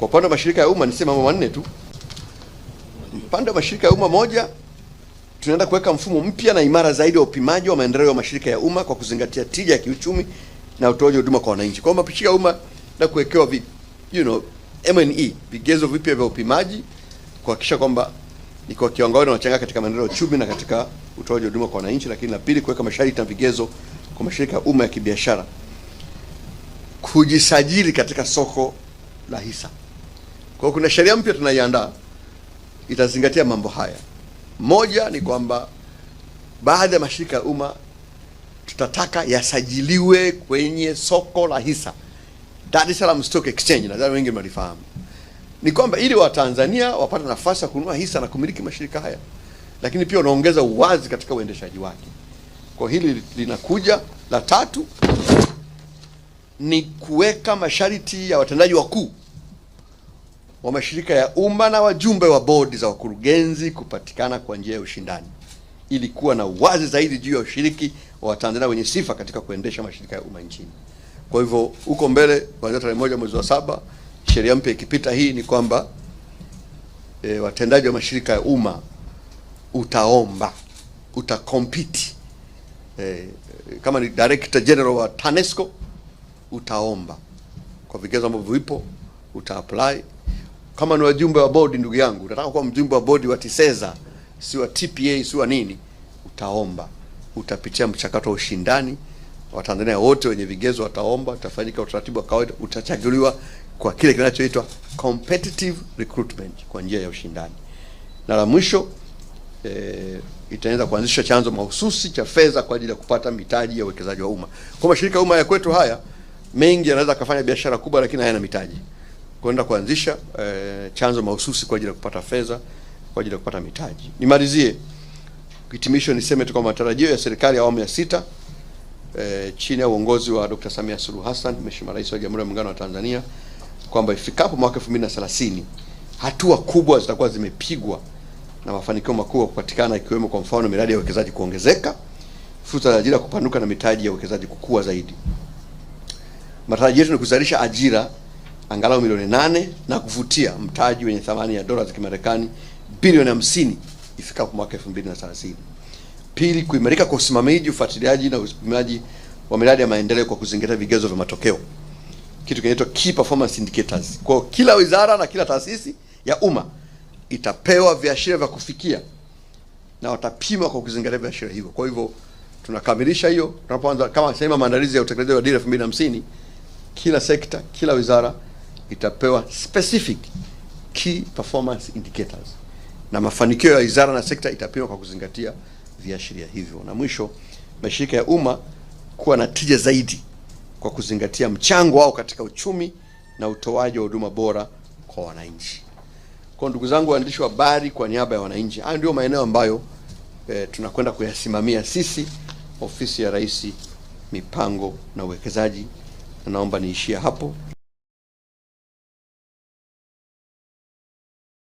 Kwa upande wa mashirika ya umma nisema mambo manne tu. Upande wa mashirika ya umma, moja, tunaenda kuweka mfumo mpya na imara zaidi wa upimaji wa maendeleo ya mashirika ya umma kwa kuzingatia tija ya kiuchumi na utoaji huduma kwa wananchi. Kwa mashirika ya umma na kuwekewa vi, you know, MNE vigezo vipya vya upimaji kuhakikisha kwamba ni kwa kiwango gani wanachanga katika maendeleo ya uchumi na katika utoaji huduma kwa wananchi. Lakini la pili, kuweka masharti na vigezo kwa mashirika ya umma ya kibiashara kujisajili katika soko la hisa. Kwa kuna sheria mpya tunaiandaa itazingatia mambo haya. Moja ni kwamba baadhi ya mashirika ya umma tutataka yasajiliwe kwenye soko la hisa Dar es Salaam Stock Exchange, nadhani wengi mnalifahamu. Ni kwamba ili Watanzania wapate nafasi ya kununua hisa na kumiliki mashirika haya, lakini pia unaongeza uwazi katika uendeshaji wake. Kwa hili linakuja. La tatu ni kuweka masharti ya watendaji wakuu wa mashirika ya umma na wajumbe wa bodi za wakurugenzi kupatikana kwa njia ya ushindani ili kuwa na uwazi zaidi juu ya ushiriki wa Watanzania wenye sifa katika kuendesha mashirika ya umma nchini. Kwa hivyo huko mbele, kuanzia tarehe moja mwezi wa saba, sheria mpya ikipita hii ni kwamba e, watendaji wa mashirika ya umma utaomba utakompiti e, kama ni director general wa TANESCO utaomba kwa vigezo ambavyo vipo utaapply kama ni wajumbe wa bodi, ndugu yangu, unataka kuwa mjumbe wa bodi wa Tiseza, si wa TPA, si wa nini, utaomba, utapitia mchakato wa ushindani. Watanzania wote wenye vigezo wataomba, utafanyika utaratibu wa kawaida, utachaguliwa kwa kile kinachoitwa competitive recruitment, kwa njia ya ushindani. Na la mwisho e, itaanza kuanzisha chanzo mahususi cha fedha kwa ajili ya kupata mitaji ya uwekezaji wa umma. Kwa mashirika ya umma ya kwetu haya mengi yanaweza kufanya biashara kubwa, lakini hayana mitaji kwenda kuanzisha e, chanzo mahususi kwa ajili ya kupata fedha kwa ajili ya kupata mitaji. Nimalizie hitimisho, niseme tu kwa matarajio ya serikali ya awamu ya sita e, chini ya uongozi wa Dr. Samia Suluhu Hassan, Mheshimiwa Rais wa Jamhuri ya Muungano wa Tanzania, kwamba ifikapo mwaka 2030 hatua kubwa zitakuwa zimepigwa na mafanikio makubwa kupatikana, ikiwemo kwa mfano miradi ya uwekezaji kuongezeka, fursa za ajira kupanuka na mitaji ya uwekezaji kukua zaidi. Matarajio yetu ni kuzalisha ajira angalau milioni nane na kuvutia mtaji wenye thamani ya dola za Kimarekani bilioni 50 ifikapo mwaka 2030. Pili, kuimarika kwa usimamizi, ufuatiliaji na usimamizi wa miradi ya maendeleo kwa kuzingatia vigezo vya matokeo, kitu kinaitwa key performance indicators. Kwa kila wizara na kila taasisi ya umma itapewa viashiria vya kufikia na watapima kwa kuzingatia viashiria hivyo. Kwa hivyo tunakamilisha hiyo tunapoanza kama sema maandalizi ya utekelezaji wa dira 2050 kila sekta, kila wizara itapewa specific key performance indicators na mafanikio ya wizara na sekta itapimwa kwa kuzingatia viashiria hivyo. Na mwisho, mashirika ya umma kuwa na tija zaidi kwa kuzingatia mchango wao katika uchumi na utoaji wa huduma bora kwa wananchi. Kwa ndugu zangu waandishi wa habari, kwa niaba ya wananchi, haya ndio maeneo ambayo e, tunakwenda kuyasimamia sisi ofisi ya Rais mipango na uwekezaji. Naomba niishie hapo.